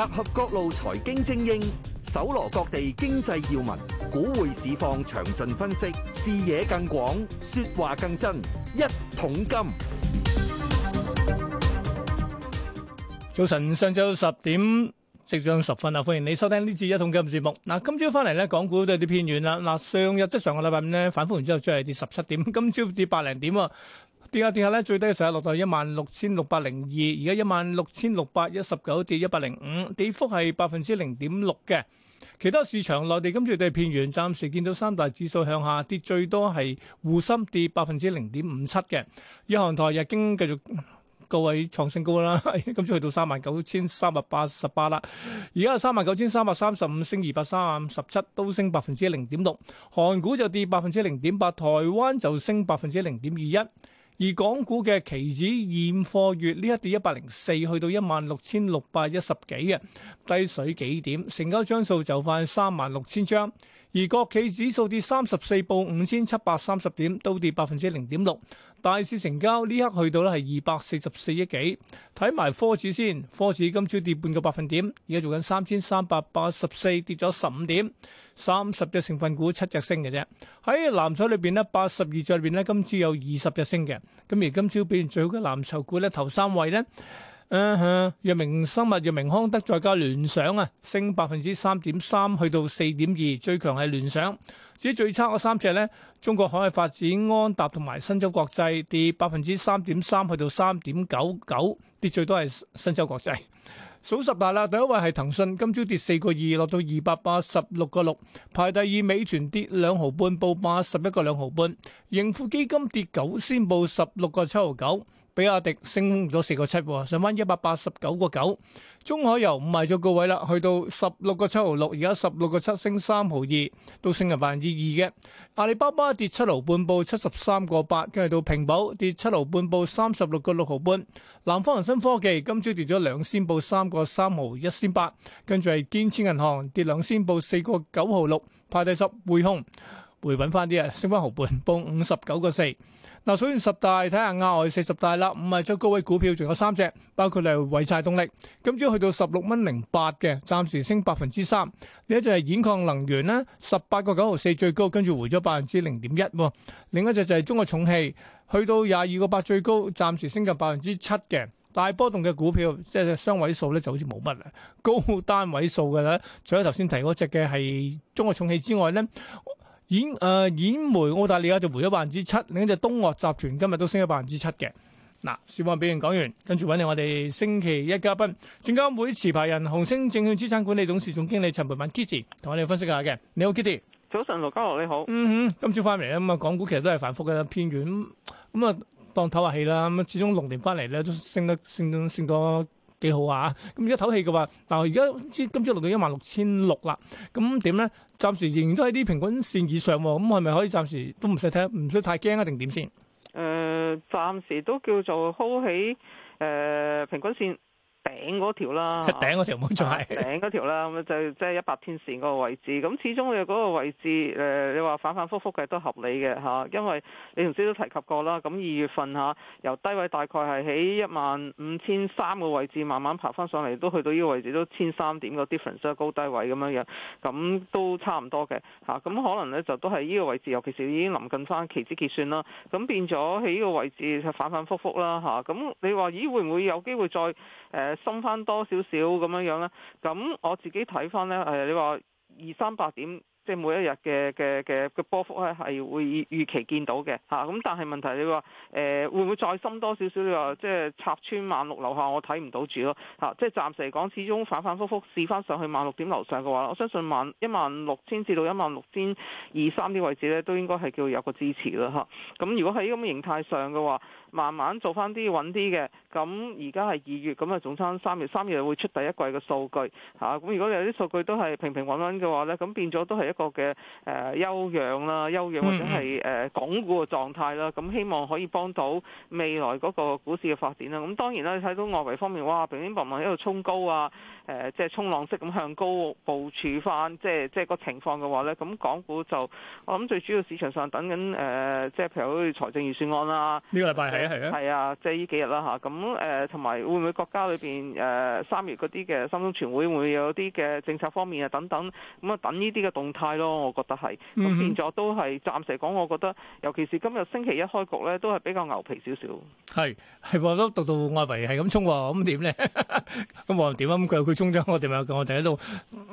集合各路財經精英，搜羅各地經濟要聞，股匯市況詳盡分析，視野更廣，說話更真。一桶金，早晨，上晝十點，即將十分啊！歡迎你收聽呢次一桶金節目。嗱，今朝翻嚟咧，港股都有啲偏軟啦。嗱，上日即係上個禮拜五咧，反覆完之後再係跌十七點，今朝跌百零點啊！跌下跌下咧，最低嘅時候落到一萬六千六百零二，而家一萬六千六百一十九跌一百零五，跌幅係百分之零點六嘅。其他市場，內地今朝地片源暫時見到三大指數向下跌，最多係滬深跌百分之零點五七嘅。日韓台，日經繼續高位創新高啦，今次去到三萬九千三百八十八啦。而家三萬九千三百三十五升二百三十七，都升百分之零點六。韓股就跌百分之零點八，台灣就升百分之零點二一。而港股嘅期指現貨月呢，一跌一百零四，去到一萬六千六百一十幾嘅低水幾點，成交張數就快三萬六千張。而國企指數跌三十四，報五千七百三十點，都跌百分之零點六。大市成交呢刻去到呢係二百四十四億幾。睇埋科指先，科指今朝跌半個百分點，而家做緊三千三百八十四，跌咗十五點。三十隻成分股七隻升嘅啫。喺藍籌裏邊呢，八十二隻裏邊呢，今朝有二十隻升嘅。咁而今朝表現最好嘅藍籌股呢，頭三位呢。嗯吓，藥明、uh huh, 生物、藥明康德再加聯想啊，升百分之三點三，去到四點二。最強係聯想，至於最差嘅三隻呢？中國海外發展安、安達同埋新洲國際跌百分之三點三，去到三點九九。跌最多係新洲國際。數十大啦，第一位係騰訊，今朝跌四個二，落到二百八十六個六。排第二，美團跌兩毫半，報八十一個兩毫半。盈富基金跌九，先報十六個七毫九。比亞迪升咗四個七，上翻一百八十九個九。中海油唔係咗個位啦，去到十六個七毫六，而家十六個七升三毫二，都升嘅百分之二嘅。阿里巴巴跌七毫半，報七十三個八，跟住到平保跌七毫半，報三十六個六毫半。南方恒生科技今朝跌咗兩仙，報三個三毫一仙八，跟住係建設銀行跌兩仙，報四個九毫六，派第十匯控，回穩翻啲啊，升翻毫半，報五十九個四。嗱，所以十大睇下亞外四十大啦，五隻最高位股票仲有三隻，包括嚟維賽動力，咁只要去到十六蚊零八嘅，暫時升百分之三。另一隻係演抗能源咧，十八個九毫四最高，跟住回咗百分之零點一。另一隻就係中國重器，去到廿二個八最高，暫時升近百分之七嘅大波動嘅股票，即係雙位數咧就好似冇乜啦，高單位數嘅咧，除咗頭先提嗰隻嘅係中國重器之外咧。演誒、呃、演煤澳大利亞就回咗百分之七，另一隻東岳集團今日都升咗百分之七嘅。嗱，小波表現講完，跟住揾你我哋星期一嘉賓，證監會持牌人、紅星證券資產管理董事總經理陳蓓敏 Kitty，同我哋分析下嘅。你好 Kitty，早晨，盧嘉豪你好。嗯哼，今朝翻嚟啊，咁啊，港股其實都係反覆嘅偏軟，咁、嗯、啊當唞下氣啦。咁啊，始終龍年翻嚟咧都升得升得升多。升幾好啊！咁而家唞氣嘅話，嗱而家今朝錄到一萬六千六啦，咁點咧？暫時仍然都喺啲平均線以上喎，咁係咪可以暫時都唔使睇，唔使太驚啊？定點先？誒、呃，暫時都叫做 hold 起誒平均線。頂嗰條啦，啊、頂嗰條冇錯係。頂嗰條啦，咁就即係一百天線嗰個位置。咁 始終嘅嗰個位置，誒，你話反反覆覆嘅都合理嘅嚇。因為你頭先都提及過啦，咁二月份嚇由低位大概係喺一萬五千三個位置慢慢爬翻上嚟，都去到呢個位置都千三點個 difference 高低位咁樣樣，咁都差唔多嘅嚇。咁、啊、可能咧就都係呢個位置，尤其是已經臨近翻期指結算啦，咁變咗喺呢個位置就反反覆覆啦嚇。咁、啊、你話咦會唔會有機會再誒？呃深翻多少少咁樣樣啦，咁我自己睇翻咧，誒，你話二三八點。即係每一日嘅嘅嘅嘅波幅咧，係會預預期見到嘅嚇。咁但係問題你話誒會唔會再深多少少？你話即係拆穿萬六樓下，我睇唔到住咯嚇。即係暫時嚟講，始終反反覆覆試翻上去萬六點樓上嘅話，我相信萬一萬六千至到一萬六千二三啲位置咧，都應該係叫有個支持啦嚇。咁如果喺咁嘅形態上嘅話，慢慢做翻啲穩啲嘅。咁而家係二月，咁啊仲差三月，三月會出第一季嘅數據嚇。咁如果有啲數據都係平平穩穩嘅話咧，咁變咗都係一。個嘅誒休養啦，休養、嗯、或者係誒港股嘅狀態啦，咁希望可以幫到未來嗰個股市嘅發展啦。咁當然啦，你睇到外圍方面，哇，乒乒乓乓喺度衝高啊！誒、呃，即係沖浪式咁向高部署返，即係即係個情況嘅話咧，咁港股就我諗最主要市場上等緊誒、呃，即係譬如好似財政預算案啦，呢個禮拜係啊係啊，係啊是，即係呢幾日啦嚇。咁誒同埋會唔會國家裏邊誒三月啲嘅三中全會會,會有啲嘅政策方面啊等等，咁啊等呢啲嘅動態。咯、嗯，嗯、覺我覺得係咁變咗都係暫時講，我覺得尤其是今日星期一開局咧，都係比較牛皮少少。係係話都讀到外圍係咁衝，咁點咧？咁冇點啊？咁佢佢衝咗，我哋咪我哋喺度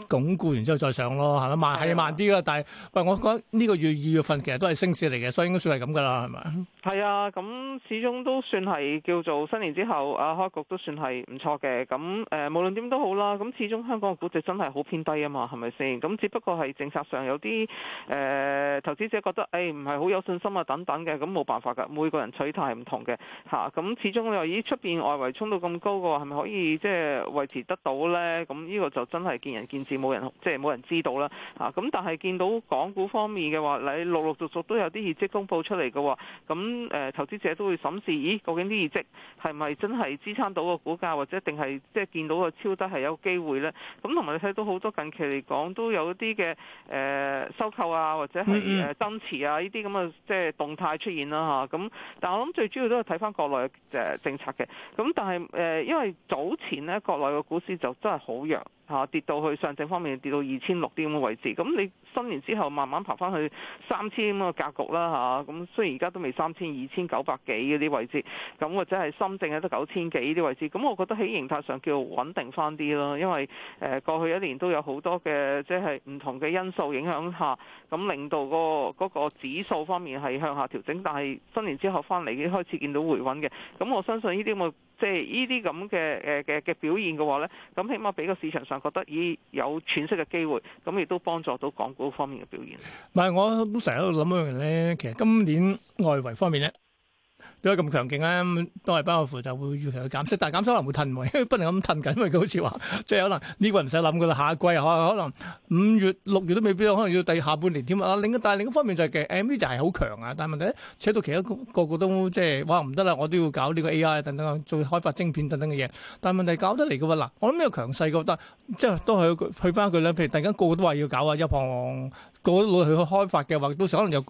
鞏固完之後再上咯，係咪慢係、嗯、慢啲啦？啊、但係喂，我覺得呢個月二月份其實都係升市嚟嘅，所以應該算係咁㗎喇，係咪？係啊，咁始終都算係叫做新年之後啊開局都算係唔錯嘅。咁誒、呃，無論點都好啦，咁始終香港嘅估值真係好偏低啊嘛，係咪先？咁只不過係政策。上有啲誒、呃、投資者覺得誒唔係好有信心啊等等嘅，咁冇辦法㗎，每個人取態係唔同嘅嚇。咁、啊、始終又咦出邊外圍衝到咁高嘅話，係咪可以即係、就是、維持得到呢？咁、啊、呢、呢個就真係見仁見智，冇人即係冇人知道啦嚇。咁、啊、但係見到港股方面嘅話，你陸陸續續都有啲業績公佈出嚟嘅喎，咁、啊、誒投資者都會審視咦究竟啲業績係咪真係支撐到個股價，或者定係即係見到個超低係有機會呢？咁同埋你睇到好多近期嚟講都，都有一啲嘅。誒收購啊，或者係誒增持啊，呢啲咁嘅即係動態出現啦、啊、嚇。咁但係我諗最主要都係睇翻國內嘅政策嘅。咁但係誒、呃，因為早前咧國內嘅股市就真係好弱。嚇跌到去上證方面跌到二千六啲咁嘅位置，咁你新年之後慢慢爬翻去三千咁嘅格局啦吓，咁雖然而家都未三千二千九百幾嗰啲位置，咁或者係深證喺得九千幾啲位置，咁我覺得喺形態上叫穩定翻啲咯，因為誒過去一年都有好多嘅即係唔同嘅因素影響下，咁令到個嗰個指數方面係向下調整，但係新年之後翻嚟已經開始見到回穩嘅，咁我相信呢啲咁嘅。即係呢啲咁嘅誒嘅嘅表現嘅話咧，咁起碼俾個市場上覺得咦有喘息嘅機會，咁亦都幫助到港股方面嘅表現。唔係，我都成日喺度諗一樣嘢，其實今年外圍方面咧。都係咁強勁啊！都係巴爾夫就會預期去減息，但係減息可能會褪埋，因為不能咁褪緊嘛。佢好似話，即係可能呢個唔使諗噶啦，下一季可可能五月、六月都未必，可能要第下半年添啊。另但係另一方面就係其實 M V 就係好強啊！但係問題扯到其他個個都即係哇唔得啦，我都要搞呢個 A I 等等啊，做開發晶片等等嘅嘢。但係問題搞得嚟嘅話，嗱，我諗呢個強勢個都即係都係去翻一句啦。譬如突然間個個都話要搞啊，有房個個都落去去開發嘅話，到時可能又。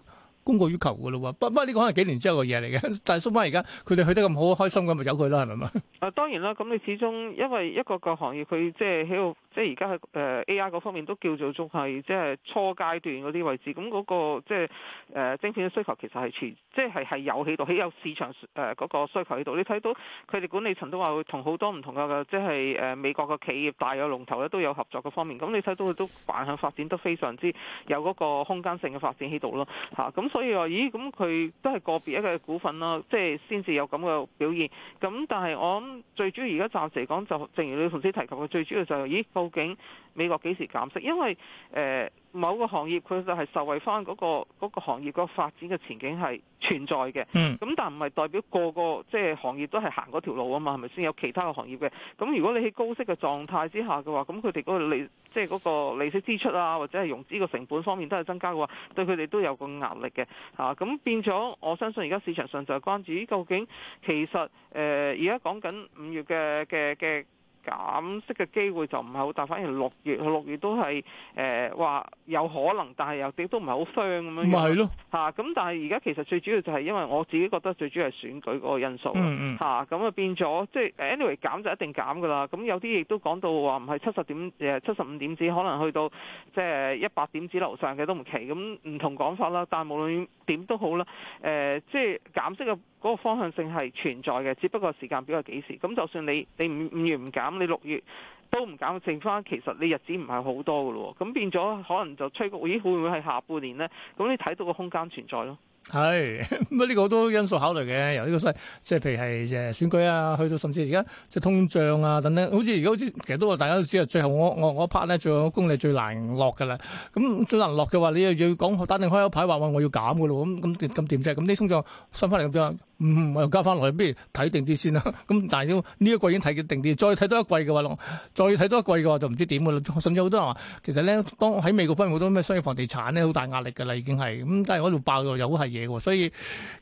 供過於求㗎咯喎，不過呢個可能幾年之後嘅嘢嚟嘅。但係縮翻而家佢哋去得咁好，開心咁咪由佢啦，係咪啊？啊當然啦，咁你始終因為一個個行業，佢即係喺度，即係而家喺誒 A. I. 嗰方面都叫做仲係即係初階段嗰啲位置。咁、那、嗰個即係誒晶片嘅需求其實係遲，即係係有喺度，就是、有市場誒嗰個需求喺度。你睇到佢哋管理層都話會同好多唔同嘅即係誒美國嘅企業大有龍頭咧都有合作嘅方面。咁你睇到佢都反向發展得非常之有嗰個空間性嘅發展喺度咯，嚇、啊、咁。嗯。所以話，咦咁佢都係個別一個股份啦，即係先至有咁嘅表現。咁但係我諗最主要而家暫時嚟講，就正如你同事提及嘅，最主要就係、是、咦，究竟美國幾時減息？因為誒。呃某個行業佢就係受惠翻嗰個嗰個行業個發展嘅前景係存在嘅，咁，嗯，但唔係代表個個即係行業都係行嗰條路啊嘛？係咪先有其他嘅行業嘅？咁如果你喺高息嘅狀態之下嘅話，咁佢哋嗰個利即係嗰個利息支出啊，或者係融資嘅成本方面都係增加嘅話，對佢哋都有個壓力嘅嚇。咁，啊，變咗，我相信而家市場上就係關注，究竟其實誒而家講緊五月嘅嘅嘅。減息嘅機會就唔係好大，反而六月六月都係誒話有可能，但係又亦都唔係好傷咁樣。咪係咯嚇，咁但係而家其實最主要就係因為我自己覺得最主要係選舉嗰個因素嚇，咁、嗯嗯、啊變咗即係 anyway 減就一定減㗎啦。咁有啲亦都講到話唔係七十點誒七十五點子，可能去到即係一百點子樓上嘅都唔奇。咁唔同講法啦，但係無論點都好啦，誒、呃、即係減息嘅。嗰個方向性係存在嘅，只不過時間表係幾時。咁就算你你五五月唔減，你六月都唔減，剩翻其實你日子唔係好多嘅咯。咁變咗可能就催谷，咦會唔會係下半年呢？咁你睇到個空間存在咯。係咁，呢個好多因素考慮嘅，由呢、這個西，即係譬如係誒選舉啊，去到甚至而家即係通脹啊等等。好似而家好似其實都話大家都知道，最後我我我拍咧，最後個你最難落噶啦。咁最難落嘅話，你又要講打定開一排話我要減噶咯。咁咁咁點啫？咁啲通脹升翻嚟咁樣，我、嗯、又加翻落去，不如睇定啲先啦。咁但係呢一季已經睇定啲，再睇多一季嘅話，再睇多一季嘅話，話就唔知點噶啦。甚至好多人話，其實咧當喺美國方面好多咩商業房地產咧，好大壓力噶啦，已經係咁，但係嗰度爆又好係。嘢所以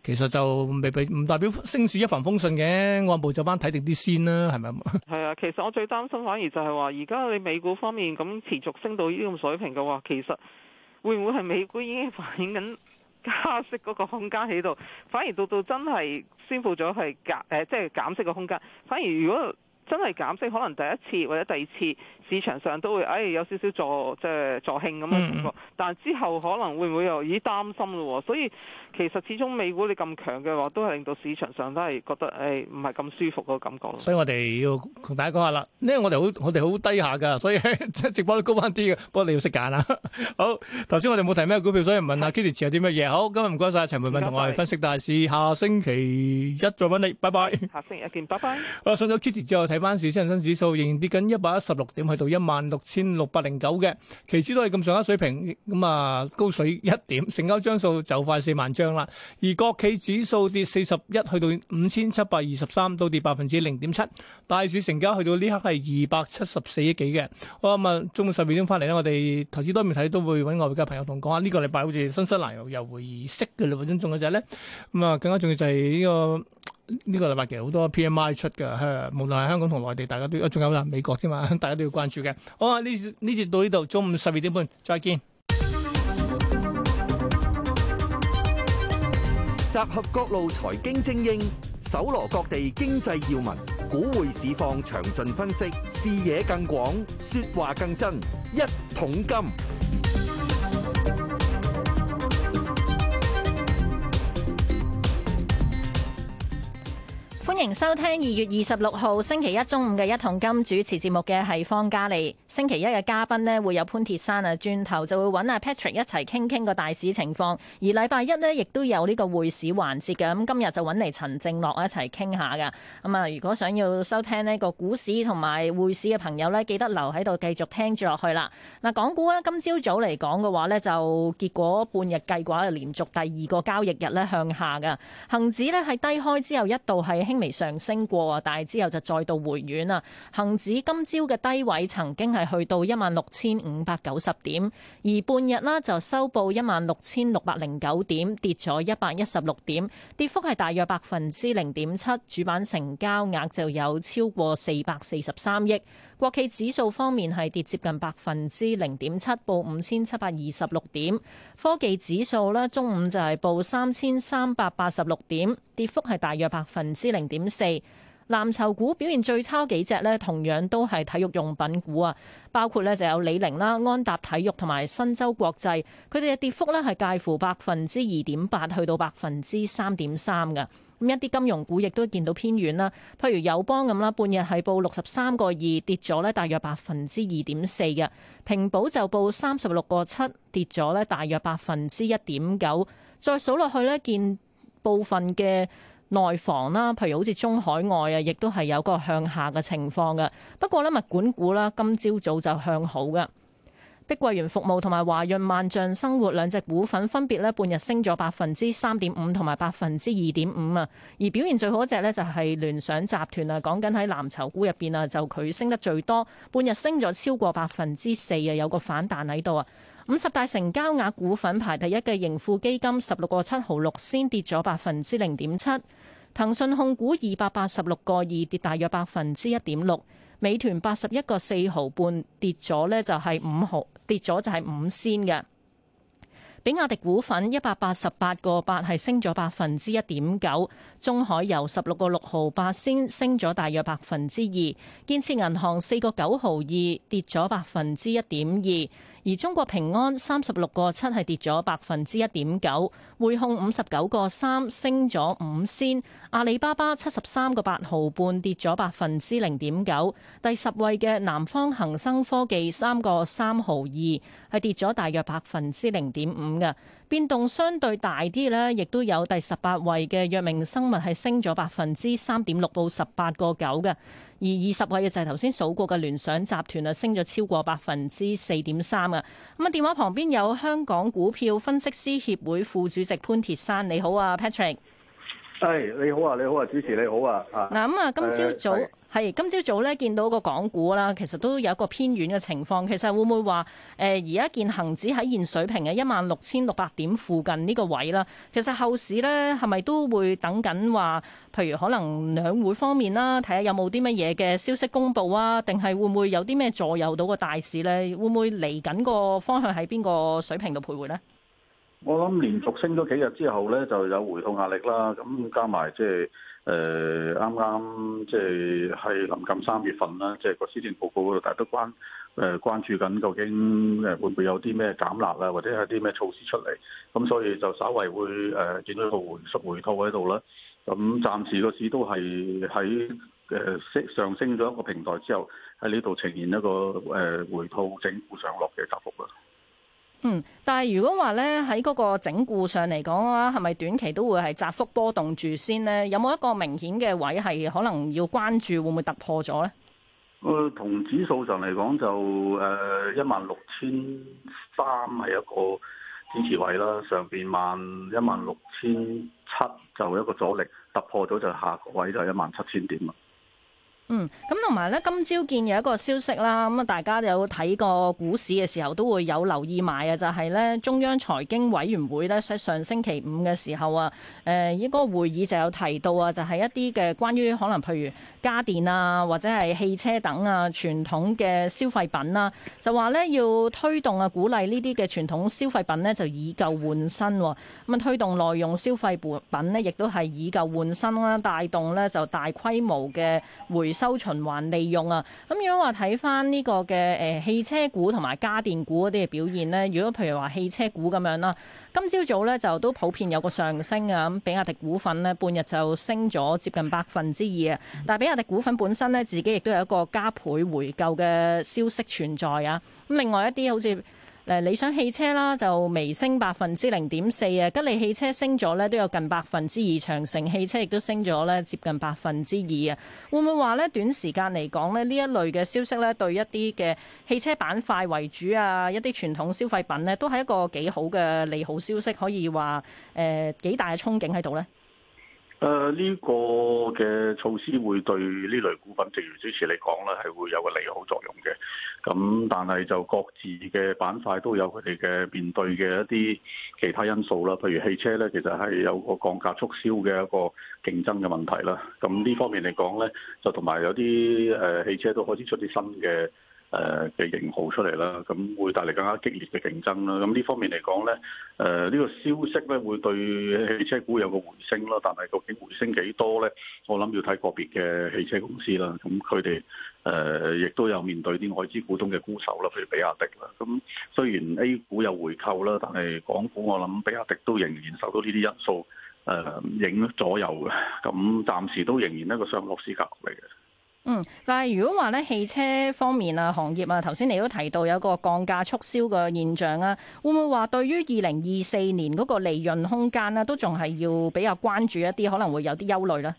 其實就未必唔代表升市一帆風順嘅，按部就班睇定啲先啦，係咪啊？係啊，其實我最擔心反而就係話，而家你美股方面咁持續升到呢個水平嘅話，其實會唔會係美股已經反映緊加息嗰個空間喺度，反而到到真係宣佈咗係減誒、呃，即係減息嘅空間，反而如果，真係減息，可能第一次或者第二次，市場上都會誒、哎、有少少助即係、就是、助興咁嘅感覺。嗯、但係之後可能會唔會又咦擔心咯？所以其實始終美股你咁強嘅話，都係令到市場上都係覺得誒唔係咁舒服個感覺。所以我哋要同大家講下啦，因為我哋好我哋好低下㗎，所以即係直播都高翻啲嘅。不過你要識揀啊！好，頭先我哋冇提咩股票，所以唔問下 Kitty 先有啲乜嘢？好，今日唔該晒陳蓓敏同我哋分析大市，下星期一再揾你，拜拜。下星期一見，拜拜。我上咗 Kitty 之後。大市恒生指數仍然跌緊一百一十六點，去到一萬六千六百零九嘅，期指都係咁上下水平，咁啊高水一點，成交張數就快四萬張啦。而國企指數跌四十一，去到五千七百二十三，都跌百分之零點七。大市成交去到呢刻係二百七十四億幾嘅。好，咁啊，中午十二點翻嚟咧，我哋投資多面睇都會揾外匯嘅朋友同講下，呢個禮拜好似新西蘭又會議息嘅，另外一種嘅就係咧，咁啊更加重要就係呢、這個。呢個禮拜其實好多 PMI 出嘅，無論係香港同內地，大家都，啊，仲有啦，美國啫嘛，大家都要關注嘅。好啊，呢次呢次到呢度，中午十二點半，再見。集合各路財經精英，搜羅各地經濟要聞，股匯市況詳盡分析，視野更廣，說話更真，一桶金。歡迎收聽二月二十六號星期一中午嘅一桶金，主持節目嘅係方嘉莉。星期一嘅嘉賓咧，會有潘鐵珊啊，轉頭就會揾阿 Patrick 一齊傾傾個大市情況。而禮拜一呢，亦都有呢個匯市環節嘅，咁今日就揾嚟陳正犖一齊傾下噶。咁啊，如果想要收聽呢個股市同埋匯市嘅朋友呢，記得留喺度繼續聽住落去啦。嗱，港股咧今朝早嚟講嘅話呢，就結果半日計嘅話，連續第二個交易日呢向下嘅，恒指呢，係低開之後一度係輕微。上升過啊，但係之後就再度回軟啊。恒指今朝嘅低位曾經係去到一萬六千五百九十點，而半日啦就收報一萬六千六百零九點，跌咗一百一十六點，跌幅係大約百分之零點七。主板成交額就有超過四百四十三億。國企指數方面係跌接近百分之零點七，報五千七百二十六點。科技指數咧中午就係報三千三百八十六點，跌幅係大約百分之零點四。藍籌股表現最差幾隻咧，同樣都係體育用品股啊，包括咧就有李寧啦、安踏體育同埋申洲國際，佢哋嘅跌幅咧係介乎百分之二點八去到百分之三點三㗎。咁一啲金融股亦都見到偏軟啦，譬如友邦咁啦，半日係報六十三個二，跌咗呢大約百分之二點四嘅。平保就報三十六個七，跌咗呢大約百分之一點九。再數落去呢見部分嘅內房啦，譬如好似中海外啊，亦都係有個向下嘅情況嘅。不過呢，物管股啦，今朝早，早就向好嘅。碧桂園服務同埋華潤萬象生活兩隻股份分別呢，半日升咗百分之三點五同埋百分之二點五啊。而表現最好嗰隻呢，就係聯想集團啊，講緊喺藍籌股入邊啊，就佢升得最多，半日升咗超過百分之四啊，有個反彈喺度啊。五十大成交額股份排第一嘅盈富基金十六個七毫六先跌咗百分之零點七，騰訊控股二百八十六個二跌大約百分之一點六，美團八十一個四毫半跌咗呢，就係五毫。跌咗就係五仙嘅，比亞迪股份一百八十八個八係升咗百分之一點九，中海油十六個六毫八先升咗大約百分之二，建設銀行四個九毫二跌咗百分之一點二。而中國平安三十六個七係跌咗百分之一點九，匯控五十九個三升咗五仙，阿里巴巴七十三個八毫半跌咗百分之零點九，第十位嘅南方恒生科技三個三毫二係跌咗大約百分之零點五嘅。變動相對大啲咧，亦都有第十八位嘅藥明生物係升咗百分之三點六到十八個九嘅，而二十位嘅就係頭先數過嘅聯想集團啊，升咗超過百分之四點三啊！咁啊，電話旁邊有香港股票分析師協會副主席潘鐵珊，你好啊，Patrick。係，hey, 你好啊，你好啊，主持你好啊，啊嗱，咁啊，今朝早係、uh, 今朝早咧，見到個港股啦，其實都有一個偏軟嘅情況。其實會唔會話，誒、呃，而家見恒指喺現水平嘅一萬六千六百點附近呢個位啦？其實後市咧係咪都會等緊話，譬如可能兩會方面啦，睇下有冇啲乜嘢嘅消息公布啊，定係會唔會有啲咩左右到個大市咧？會唔會嚟緊個方向喺邊個水平度徘徊咧？我諗連續升咗幾日之後咧，就有回吐壓力啦。咁加埋即係誒啱啱即係係臨近三月份啦，即係個施政報告，大家都關誒、呃、關注緊究竟誒會唔會有啲咩減辣啊，或者係啲咩措施出嚟。咁所以就稍為會誒、呃、見到一個回縮回吐喺度啦。咁暫時個市都係喺誒升上升咗一個平台之後，喺呢度呈現一個誒回吐整固上落嘅格局啦。嗯，但係如果話咧喺嗰個整固上嚟講啊，係咪短期都會係窄幅波動住先咧？有冇一個明顯嘅位係可能要關注會唔會突破咗咧？誒，同指數上嚟講就誒一萬六千三係一個支持位啦，上邊萬一萬六千七就一個阻力，突破咗就下個位就係一萬七千點啦。嗯，咁同埋咧，今朝見有一個消息啦，咁啊，大家有睇過股市嘅時候都會有留意埋啊，就係咧中央財經委員會咧，上星期五嘅時候啊，誒依個會議就有提到啊，就係一啲嘅關於可能譬如家電啊，或者係汽車等啊，傳統嘅消費品啦，就話咧要推動啊，鼓勵呢啲嘅傳統消費品咧就以舊換新，咁啊推動耐用消費品咧，亦都係以舊換新啦，帶動咧就大規模嘅回。收循環利用啊，咁如果話睇返呢個嘅誒汽車股同埋家電股嗰啲嘅表現呢，如果譬如話汽車股咁樣啦，今朝早呢就都普遍有個上升啊，咁比亞迪股份呢，半日就升咗接近百分之二啊，但係比亞迪股份本身呢，自己亦都有一個加倍回購嘅消息存在啊，咁另外一啲好似。誒理想汽車啦就微升百分之零點四啊，吉利汽車升咗咧都有近百分之二，長城汽車亦都升咗咧接近百分之二啊，會唔會話咧短時間嚟講咧呢一類嘅消息咧對一啲嘅汽車板塊為主啊，一啲傳統消費品咧都係一個幾好嘅利好消息，可以話誒幾大嘅憧憬喺度咧。誒呢個嘅措施會對呢類股份，正如支持嚟講啦，係會有個利好作用嘅。咁但係就各自嘅板塊都有佢哋嘅面對嘅一啲其他因素啦。譬如汽車咧，其實係有個降價促銷嘅一個競爭嘅問題啦。咁呢方面嚟講咧，就同埋有啲誒汽車都開始出啲新嘅。誒嘅型號出嚟啦，咁會帶嚟更加激烈嘅競爭啦。咁呢方面嚟講呢，誒、呃、呢、呢個消息呢，會對汽車股有個回升啦，但係究竟回升幾多呢？我諗要睇個別嘅汽車公司啦。咁佢哋誒亦都有面對啲外資股東嘅沽手啦，譬如比亞迪啦。咁雖然 A 股有回購啦，但係港股我諗比亞迪都仍然受到呢啲因素誒、呃、影左右嘅。咁暫時都仍然一個上落市格局嚟嘅。嗯，但係，如果話呢汽車方面啊，行業啊，頭先你都提到有個降價促銷嘅現象啊，會唔會話對於二零二四年嗰個利潤空間呢，啊，都仲係要比較關注一啲，可能會有啲憂慮呢？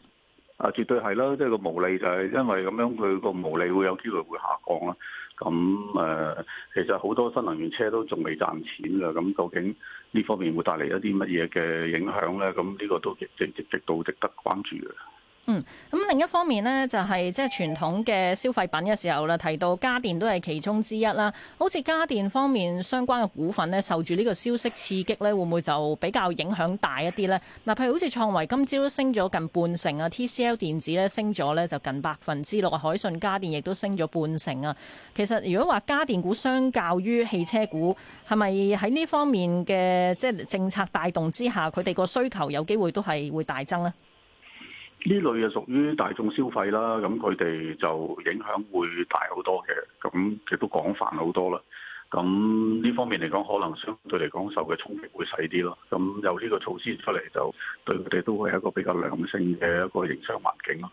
啊，絕對係啦，即係個毛利就係因為咁樣，佢個毛利會有機會會下降啦。咁誒、呃，其實好多新能源車都仲未賺錢噶，咁究竟呢方面會帶嚟一啲乜嘢嘅影響呢？咁呢個都值唔值得到，值得關注嘅。嗯，咁另一方面呢就係即係傳統嘅消費品嘅時候啦，提到家電都係其中之一啦。好似家電方面相關嘅股份呢受住呢個消息刺激呢會唔會就比較影響大一啲呢？嗱，啊，譬如好似創維今朝都升咗近半成啊，TCL 電子咧升咗咧就近百分之六啊，海信家電亦都升咗半成啊。其實如果話家電股相較於汽車股，係咪喺呢方面嘅即係政策帶動之下，佢哋個需求有機會都係會大增呢？呢類啊屬於大眾消費啦，咁佢哋就影響會大好多嘅，咁亦都廣泛好多啦。咁呢方面嚟講，可能相對嚟講受嘅衝擊會細啲咯。咁有呢個措施出嚟，就對佢哋都會係一個比較良性嘅一個營商環境咯。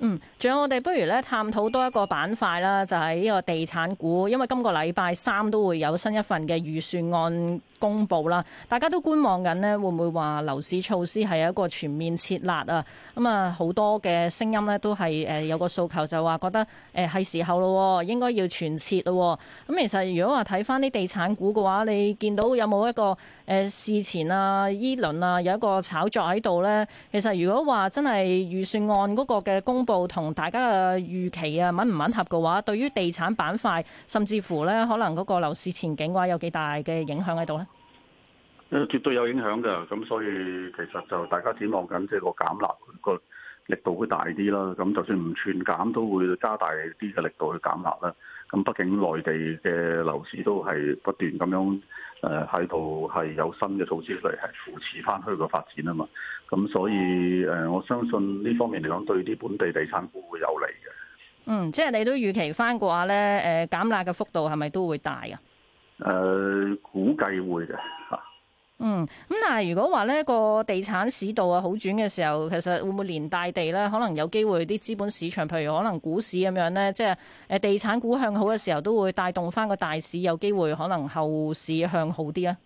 嗯，仲有我哋不如咧探討多一個板塊啦，就喺、是、呢個地產股，因為今個禮拜三都會有新一份嘅預算案公布啦。大家都觀望緊呢，會唔會話樓市措施係一個全面撤辣啊？咁啊，好多嘅聲音呢都係誒有個訴求，就話覺得誒係時候咯，應該要全撤咯。咁其實如果話睇翻啲地產股嘅話，你見到有冇一個誒事前啊依輪啊有一個炒作喺度呢？其實如果話真係預算案嗰個嘅公，部同大家嘅預期啊，吻唔吻合嘅話，對於地產板塊，甚至乎咧可能嗰個樓市前景嘅話，有幾大嘅影響喺度咧？誒，絕對有影響嘅。咁所以其實就大家展望緊，即係個減壓個力度會大啲啦。咁就算唔串減，都會加大啲嘅力度去減壓啦。咁畢竟內地嘅樓市都係不斷咁樣，誒喺度係有新嘅措施嚟係扶持翻佢個發展啊嘛，咁所以誒我相信呢方面嚟講對啲本地地產股會有利嘅。嗯，即係你都預期翻嘅話咧，誒減壓嘅幅度係咪都會大啊？誒、呃，估計會嘅。嗯，咁但係如果話呢個地產市道啊好轉嘅時候，其實會唔會連帶地呢？可能有機會啲資本市場，譬如可能股市咁樣呢，即係誒地產股向好嘅時候，都會帶動翻個大市，有機會可能後市向好啲啊？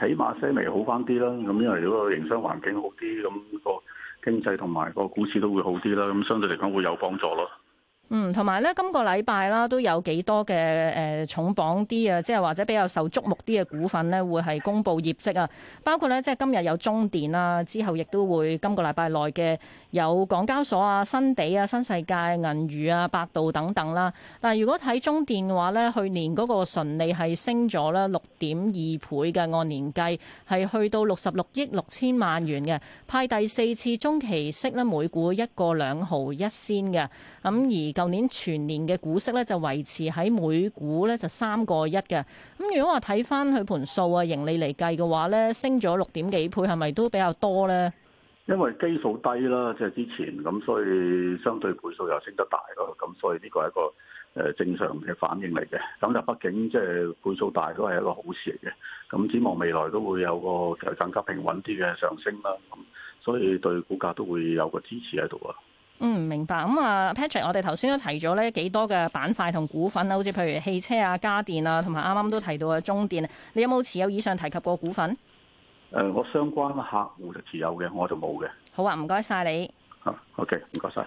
起碼先未好翻啲啦，咁因為如果個營商環境好啲，咁個經濟同埋個股市都會好啲啦，咁相對嚟講會有幫助咯。嗯，同埋咧，今個禮拜啦，都有幾多嘅誒、呃、重磅啲啊，即係或者比較受矚目啲嘅股份咧，會係公布業績啊，包括咧，即係今日有中電啦，之後亦都會今個禮拜內嘅。有港交所啊、新地啊、新世界、銀娛啊、百度等等啦。但係如果睇中電嘅話呢，去年嗰個純利係升咗啦，六點二倍嘅按年計係去到六十六億六千萬元嘅，派第四次中期息咧，每股一個兩毫一仙嘅。咁而舊年全年嘅股息呢就維持喺每股呢就三個一嘅。咁如果話睇翻佢盤數啊、盈利嚟計嘅話呢，升咗六點幾倍，係咪都比較多呢？因為基數低啦，即係之前咁，所以相對倍數又升得大咯，咁所以呢個係一個誒正常嘅反應嚟嘅。咁就畢竟即係倍數大都係一個好事嚟嘅，咁展望未來都會有個誒更加平穩啲嘅上升啦，咁所以對股價都會有個支持喺度啊。嗯，明白。咁啊，Patrick，我哋頭先都提咗咧幾多嘅板塊同股份啦，好似譬如汽車啊、家電啊，同埋啱啱都提到嘅中電。你有冇持有以上提及過股份？誒，我相關客戶就持有嘅，我就冇嘅。好啊，唔該晒你。好，OK，唔該晒。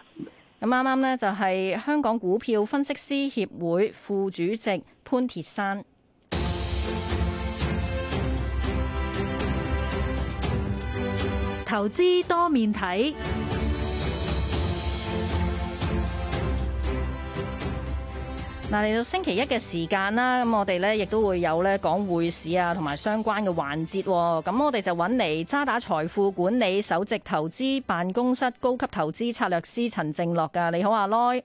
咁啱啱呢就係香港股票分析師協會副主席潘鐵珊，投資多面睇。嗱，嚟到星期一嘅時間啦，咁我哋咧亦都會有咧講匯市啊，同埋相關嘅環節。咁我哋就揾嚟渣打財富管理首席投資辦公室高級投資策略師陳正犖㗎。你好，阿 Loy。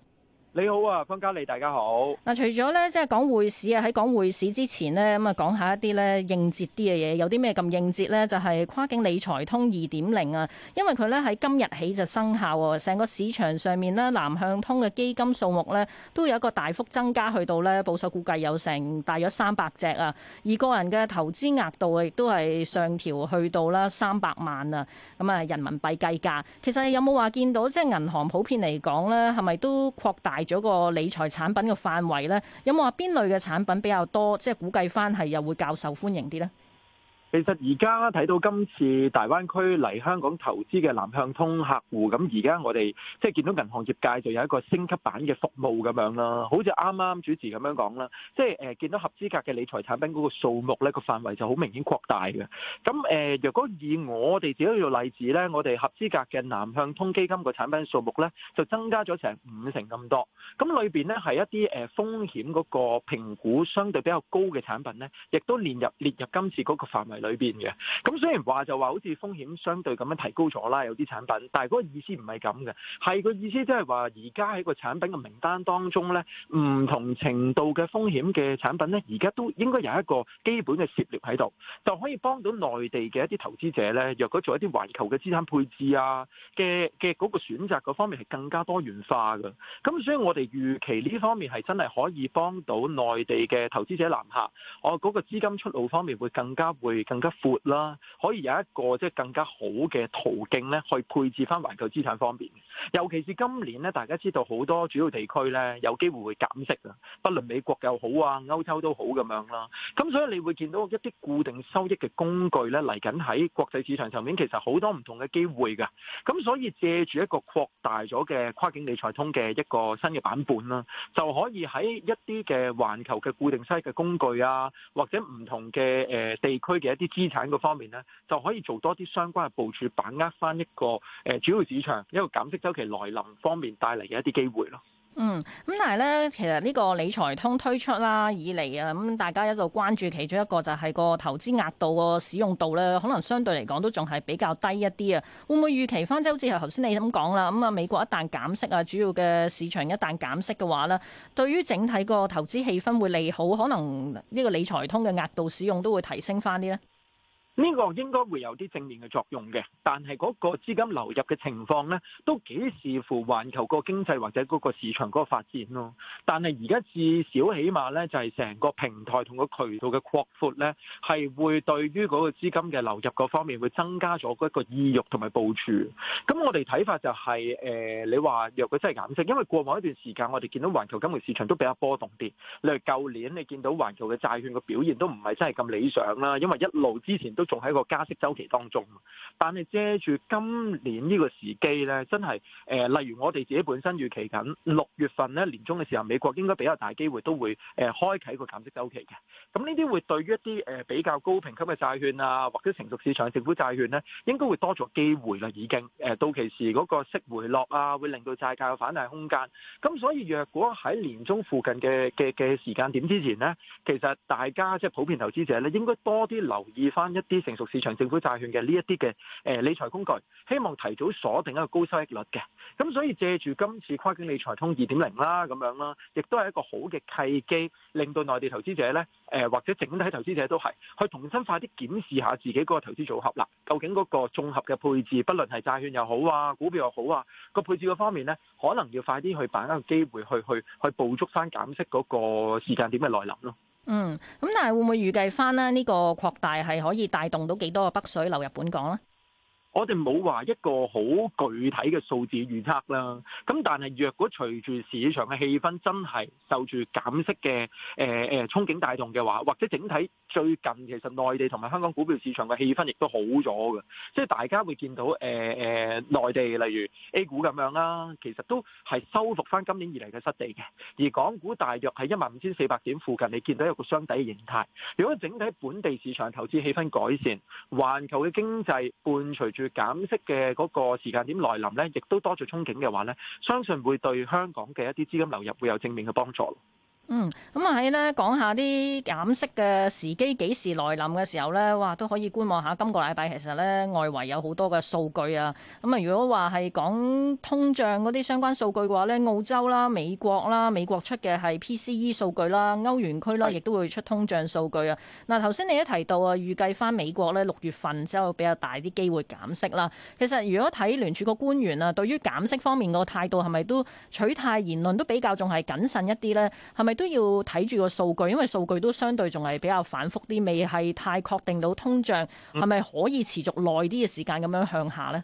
你好啊，方嘉利，大家好。嗱，除咗呢，即係講匯市啊，喺講匯市之前呢，咁啊，講下一啲呢應節啲嘅嘢，有啲咩咁應節呢？就係、是、跨境理財通二點零啊，因為佢呢，喺今日起就生效、啊，成個市場上面呢，南向通嘅基金數目呢，都有一個大幅增加，去到呢，保守估計有成大約三百隻啊，而個人嘅投資額度啊，亦都係上調去到啦三百萬啊，咁、嗯、啊人民幣計價。其實有冇話見到即係銀行普遍嚟講呢，係咪都擴大咗個理財產品嘅範圍咧，有冇話邊類嘅產品比較多？即係估計翻係又會較受歡迎啲咧。其實而家睇到今次大灣區嚟香港投資嘅南向通客戶，咁而家我哋即係見到銀行業界就有一個升級版嘅服務咁樣啦，好似啱啱主持咁樣講啦，即係誒見到合資格嘅理財產品嗰個數目呢個範圍就好明顯擴大嘅。咁誒，若果以我哋自己做例子呢，我哋合資格嘅南向通基金個產品數目呢就增加咗成五成咁多。咁裏邊呢係一啲誒風險嗰個評估相對比較高嘅產品呢，亦都列入列入今次嗰個範圍。裏邊嘅，咁雖然話就話好似風險相對咁樣提高咗啦，有啲產品，但係嗰個意思唔係咁嘅，係個意思即係話而家喺個產品嘅名單當中咧，唔同程度嘅風險嘅產品咧，而家都應該有一個基本嘅涉獵喺度，就可以幫到內地嘅一啲投資者咧，若果做一啲環球嘅資產配置啊嘅嘅嗰個選擇嗰方面係更加多元化嘅，咁所以我哋預期呢方面係真係可以幫到內地嘅投資者南下，我、哦、嗰、嗰個資金出路方面會更加會。更加闊啦，可以有一個即係更加好嘅途徑咧，去配置翻環球資產方面。尤其是今年咧，大家知道好多主要地區咧有機會會減息啊，不論美國又好啊，歐洲都好咁樣啦。咁所以你會見到一啲固定收益嘅工具咧，嚟緊喺國際市場上面其實好多唔同嘅機會㗎。咁所以借住一個擴大咗嘅跨境理財通嘅一個新嘅版本啦，就可以喺一啲嘅環球嘅固定收益嘅工具啊，或者唔同嘅誒地區嘅一啲。啲資產個方面呢，就可以做多啲相關嘅部署，把握翻一個誒主要市場一個減息周期來臨方面帶嚟嘅一啲機會咯。嗯，咁但係呢，其實呢個理財通推出啦以嚟啊，咁大家一路關注其中一個就係個投資額度個使用度咧，可能相對嚟講都仲係比較低一啲啊。會唔會預期翻即係好似係頭先你咁講啦？咁啊，美國一旦減息啊，主要嘅市場一旦減息嘅話呢，對於整體個投資氣氛會利好，可能呢個理財通嘅額度使用都會提升翻啲呢？呢個應該會有啲正面嘅作用嘅，但係嗰個資金流入嘅情況咧，都幾視乎環球個經濟或者嗰個市場嗰個發展咯。但係而家至少起碼咧，就係、是、成個平台同個渠道嘅擴闊咧，係會對於嗰個資金嘅流入嗰方面會增加咗嗰一個意欲同埋部署。咁我哋睇法就係、是、誒、呃，你話若果真係減息，因為過往一段時間我哋見到環球金融市場都比較波動啲，例如舊年你見到環球嘅債券嘅表現都唔係真係咁理想啦，因為一路之前都～都仲喺個加息周期當中，但係遮住今年呢個時機呢，真係誒、呃。例如我哋自己本身預期緊六月份呢，年中嘅時候，美國應該比較大機會都會誒、呃、開啟個減息周期嘅。咁呢啲會對於一啲誒、呃、比較高評級嘅債券啊，或者成熟市場政府債券呢，應該會多咗機會啦。已經誒、呃、到期時嗰個息回落啊，會令到債價有反彈空間。咁所以若果喺年中附近嘅嘅嘅時間點之前呢，其實大家即係普遍投資者呢，應該多啲留意返一啲。成熟市場政府債券嘅呢一啲嘅誒理財工具，希望提早鎖定一個高收益率嘅，咁所以借住今次跨境理財通二點零啦咁樣啦，亦都係一個好嘅契機，令到內地投資者呢，誒，或者整體投資者都係去重新快啲檢視下自己嗰個投資組合，嗱，究竟嗰個綜合嘅配置，不論係債券又好啊，股票又好啊，個配置嘅方面呢，可能要快啲去把握機會去去去捕捉翻減息嗰個時間點嘅來臨咯。嗯，咁但係會唔會預計翻呢，呢個擴大係可以帶動到幾多個北水流入本港咧？我哋冇話一個好具體嘅數字預測啦，咁但係若果隨住市場嘅氣氛真係受住減息嘅誒誒憧憬帶動嘅話，或者整體最近其實內地同埋香港股票市場嘅氣氛亦都好咗嘅，即係大家會見到誒誒內地例如 A 股咁樣啦，其實都係收復翻今年以嚟嘅失地嘅，而港股大約喺一萬五千四百點附近，你見到有個相抵嘅形態。如果整體本地市場投資氣氛改善，環球嘅經濟伴隨住減息嘅嗰個時間點來臨咧，亦都多咗憧憬嘅話咧，相信會對香港嘅一啲資金流入會有正面嘅幫助。嗯，咁啊喺呢講下啲減息嘅時機幾時來臨嘅時候呢？哇都可以觀望下今個禮拜其實呢，外圍有好多嘅數據啊，咁啊如果話係講通脹嗰啲相關數據嘅話呢，澳洲啦、美國啦，美國出嘅係 PCE 數據啦，歐元區啦亦都會出通脹數據啊。嗱頭先你一提到啊，預計翻美國呢，六月份之後比較大啲機會減息啦。其實如果睇聯儲個官員啊，對於減息方面個態度係咪都取態言論都比較仲係謹慎一啲呢？係咪？都要睇住個數據，因為數據都相對仲係比較反覆啲，未係太確定到通脹係咪可以持續耐啲嘅時間咁樣向下咧。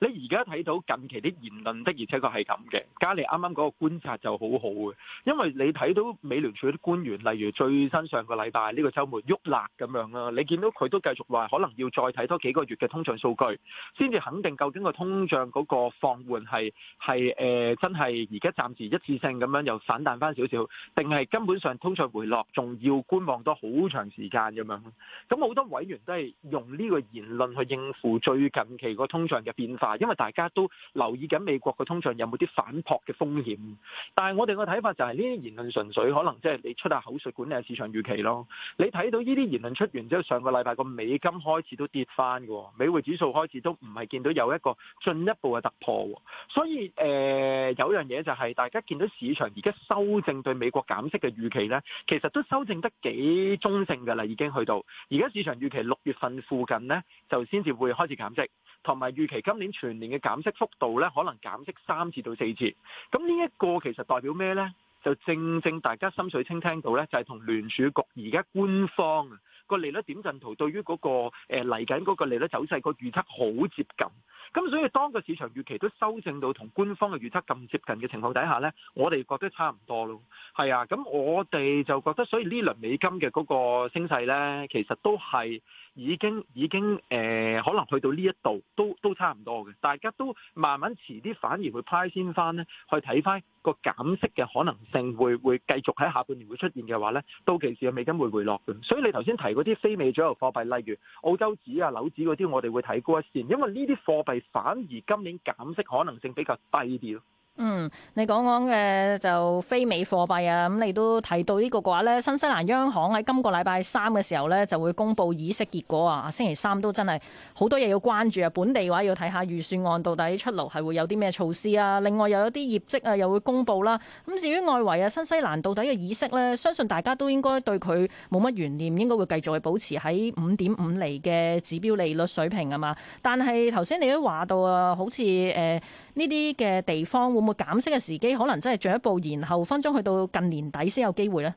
你而家睇到近期啲言論的，而且確係咁嘅。加利啱啱嗰個觀察就好好嘅，因為你睇到美聯儲啲官員，例如最新上個禮拜呢個周末郁立咁樣啦，你見到佢都繼續話可能要再睇多幾個月嘅通脹數據，先至肯定究竟個通脹嗰個放緩係係誒真係而家暫時一次性咁樣又反彈翻少少，定係根本上通脹回落仲要觀望多好長時間咁樣，咁好多委員都係用呢個言論去應付最近期個通脹嘅變化。因為大家都留意緊美國嘅通脹有冇啲反撲嘅風險，但係我哋嘅睇法就係呢啲言論純粹可能即係你出下口術，管理下市場預期咯。你睇到呢啲言論出完之後，上個禮拜個美金開始都跌翻㗎、喎，美匯指數開始都唔係見到有一個進一步嘅突破、喎。所以誒、呃，有樣嘢就係、是、大家見到市場而家修正對美國減息嘅預期呢，其實都修正得幾中性㗎啦，已經去到而家市場預期六月份附近呢，就先至會開始減息。同埋預期今年全年嘅減息幅度呢，可能減息三至到四次。咁呢一個其實代表咩呢？就正正大家心水清聽到呢，就係、是、同聯儲局而家官方個利率點陣圖對於嗰、那個嚟緊嗰個利率走勢個預測好接近。咁所以當個市場預期都修正到同官方嘅預測咁接近嘅情況底下呢，我哋覺得差唔多咯。係啊，咁我哋就覺得，所以呢輪美金嘅嗰個升勢呢，其實都係。已經已經誒、呃，可能去到呢一度都都差唔多嘅，大家都慢慢遲啲，反而會派先翻咧，去睇翻個減息嘅可能性會會繼續喺下半年會出現嘅話，呢到期時嘅美金會回落嘅，所以你頭先提嗰啲非美主流貨幣，例如澳洲紙啊、紐紙嗰啲，我哋會睇高一線，因為呢啲貨幣反而今年減息可能性比較低啲咯。嗯，你講講嘅就非美貨幣啊，咁你都提到呢個話咧，新西蘭央行喺今個禮拜三嘅時候咧就會公布議息結果啊。星期三都真係好多嘢要關注啊。本地話要睇下預算案到底出爐係會有啲咩措施啊。另外又有啲業績啊又會公布啦。咁至於外圍啊，新西蘭到底嘅議息咧，相信大家都應該對佢冇乜懸念，應該會繼續去保持喺五點五厘嘅指標利率水平啊嘛。但係頭先你都話到啊，好似誒。欸呢啲嘅地方會唔會減息嘅時機，可能真係進一步延後，分鐘去到近年底先有機會呢。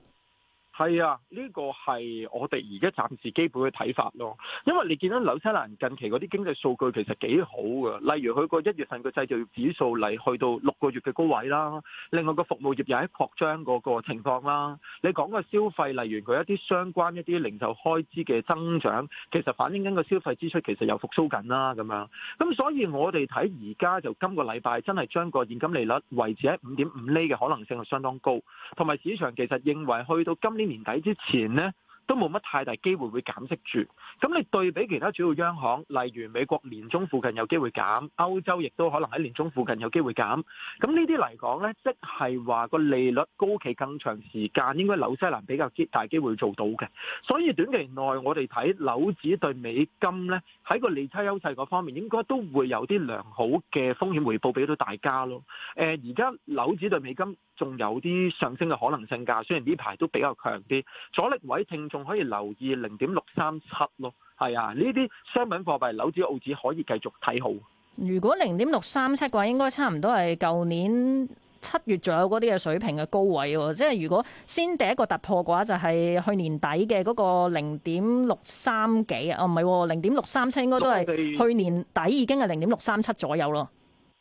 係啊，呢個係我哋而家暫時基本嘅睇法咯。因為你見到紐西蘭近期嗰啲經濟數據其實幾好嘅，例如佢個一月份個製造業指數嚟去到六個月嘅高位啦。另外個服務業又喺擴張嗰個情況啦。你講個消費，例如佢一啲相關一啲零售開支嘅增長，其實反映緊個消費支出其實又復甦緊啦咁樣。咁所以我哋睇而家就今個禮拜真係將個現金利率維持喺五點五厘嘅可能性係相當高，同埋市場其實認為去到今年年底之前呢，都冇乜太大機會會減息住，咁你對比其他主要央行，例如美國年中附近有機會減，歐洲亦都可能喺年中附近有機會減，咁呢啲嚟講呢，即係話個利率高企更長時間，應該紐西蘭比較大機會做到嘅。所以短期內我哋睇紐指對美金呢，喺個利差優勢嗰方面，應該都會有啲良好嘅風險回報俾到大家咯。而家紐指對美金仲有啲上升嘅可能性㗎，雖然呢排都比較強啲，阻力位聽。仲可以留意零點六三七咯，係啊，呢啲商品貨幣、紐紙、澳紙可以繼續睇好。如果零點六三七嘅話，應該差唔多係舊年七月左右嗰啲嘅水平嘅高位喎。即係如果先第一個突破嘅話，就係、係、去年底嘅嗰個零點六三幾啊？唔係，零點六三七應該都係去年底已經係零點六三七左右咯。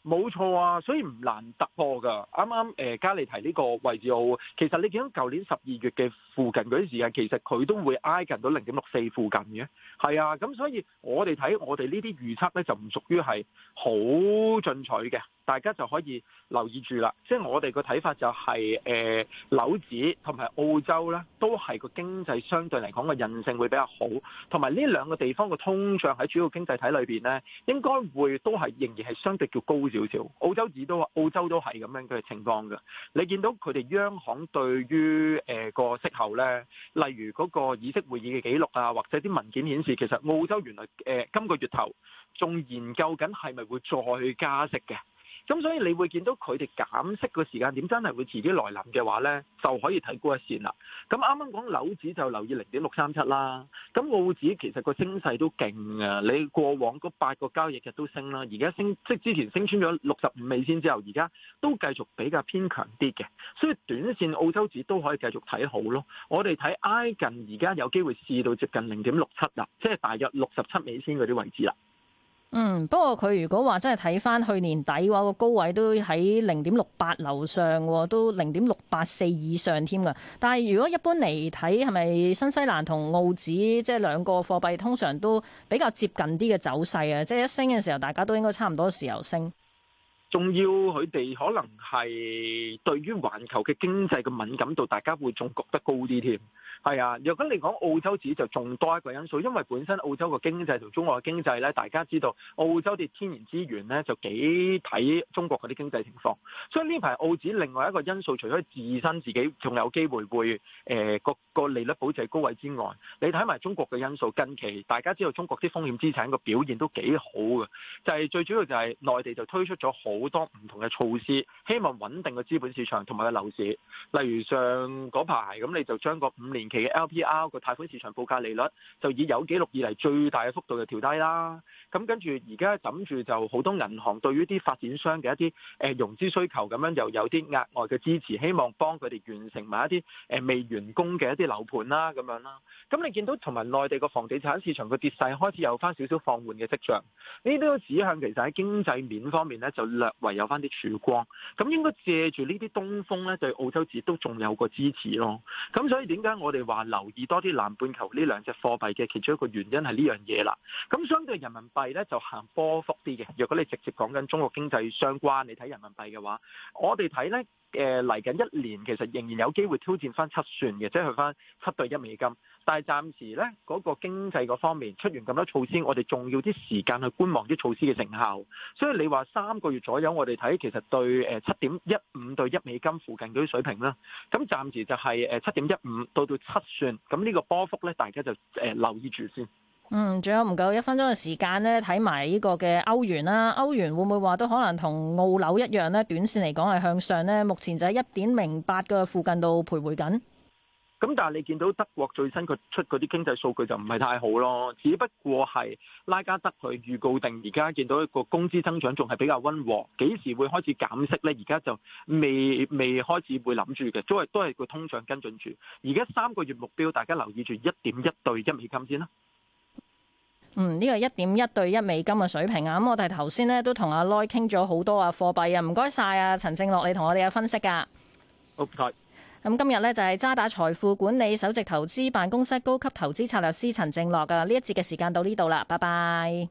冇錯啊，所以唔難突破㗎。啱啱誒加利提呢個位置，好，其實你見到舊年十二月嘅附近嗰啲時間，其實佢都會挨近到零點六四附近嘅。係啊，咁所以我哋睇我哋呢啲預測呢，就唔屬於係好進取嘅。大家就可以留意住啦，即係我哋個睇法就係誒樓指同埋澳洲呢都係個經濟相對嚟講個韌性會比較好，同埋呢兩個地方個通脹喺主要經濟體裏邊呢，應該會都係仍然係相對叫高少少。澳洲亦都澳洲都係咁樣嘅情況嘅。你見到佢哋央行對於誒個息後呢，例如嗰個議息會議嘅記錄啊，或者啲文件顯示，其實澳洲原來誒今個月頭仲研究緊係咪會再去加息嘅。咁所以你會見到佢哋減息個時間點真係會遲啲來臨嘅話呢，就可以睇高一線啦。咁啱啱講紐指就留意零點六三七啦。咁澳指其實個升勢都勁啊，你過往嗰八個交易日都升啦，而家升即之前升穿咗六十五美仙之後，而家都繼續比較偏強啲嘅。所以短線澳洲指都可以繼續睇好咯。我哋睇挨近而家有機會試到接近零點六七啦，即係大約六十七美仙嗰啲位置啦。嗯，不過佢如果話真係睇翻去年底嘅話，個高位都喺零點六八樓上喎，都零點六八四以上添㗎。但係如果一般嚟睇，係咪新西蘭同澳紙即係兩個貨幣通常都比較接近啲嘅走勢啊？即係一升嘅時候，大家都應該差唔多時候升。仲要佢哋可能係對於環球嘅經濟嘅敏感度，大家會仲覺得高啲添。係啊，若果你講澳洲指就仲多一個因素，因為本身澳洲嘅經濟同中國嘅經濟咧，大家知道澳洲啲天然資源咧就幾睇中國嗰啲經濟情況，所以呢排澳指另外一個因素，除咗自身自己仲有機會會誒個個利率保持喺高位之外，你睇埋中國嘅因素，近期大家知道中國啲風險資產個表現都幾好嘅，就係最主要就係內地就推出咗好。好多唔同嘅措施，希望穩定個資本市場同埋個樓市。例如上嗰排咁，你就將個五年期嘅 LPR 個貸款市場報價利率，就以有記錄以嚟最大嘅幅度就調低啦。咁跟住而家諗住就好多銀行對於啲發展商嘅一啲誒融資需求咁樣，又有啲額外嘅支持，希望幫佢哋完成埋一啲誒未完工嘅一啲樓盤啦咁樣啦。咁你見到同埋內地個房地產市場個跌勢開始有翻少少放緩嘅跡象，呢啲都指向其實喺經濟面方面咧就唯有翻啲曙光，咁應該借住呢啲東風呢，對澳洲紙都仲有個支持咯。咁所以點解我哋話留意多啲南半球呢兩隻貨幣嘅其中一個原因係呢樣嘢啦。咁相對人民幣呢，就行波幅啲嘅。如果你直接講緊中國經濟相關，你睇人民幣嘅話，我哋睇呢。誒嚟緊一年，其實仍然有機會挑戰翻七算嘅，即係去翻七對一美金。但係暫時呢，嗰個經濟嗰方面出完咁多措施，我哋仲要啲時間去觀望啲措施嘅成效。所以你話三個月左右，我哋睇其實對誒七點一五對一美金附近嗰啲水平啦。咁暫時就係誒七點一五到到七算。咁呢個波幅呢，大家就誒留意住先。嗯，仲有唔夠一分鐘嘅時間咧，睇埋呢個嘅歐元啦。歐元會唔會話都可能同澳紐一樣咧？短線嚟講係向上咧。目前就喺一點零八嘅附近度徘徊緊。咁但係你見到德國最新佢出嗰啲經濟數據就唔係太好咯。只不過係拉加德佢預告定而家見到一個工資增長仲係比較溫和，幾時會開始減息咧？而家就未未開始會諗住嘅，都係都係個通脹跟進住而家三個月目標，大家留意住一點一對一美金先啦。嗯，呢個一點一對一美金嘅水平，嗯、啊，咁我哋頭先咧都同阿 Lo 傾咗好多啊貨幣啊，唔該晒，啊陳正犖，你同我哋嘅分析噶，唔該 Okay.、嗯。咁今日咧就係、是、渣打財富管理首席投資辦公室高級投資策略師陳正犖噶呢一節嘅時間到呢度啦，拜拜。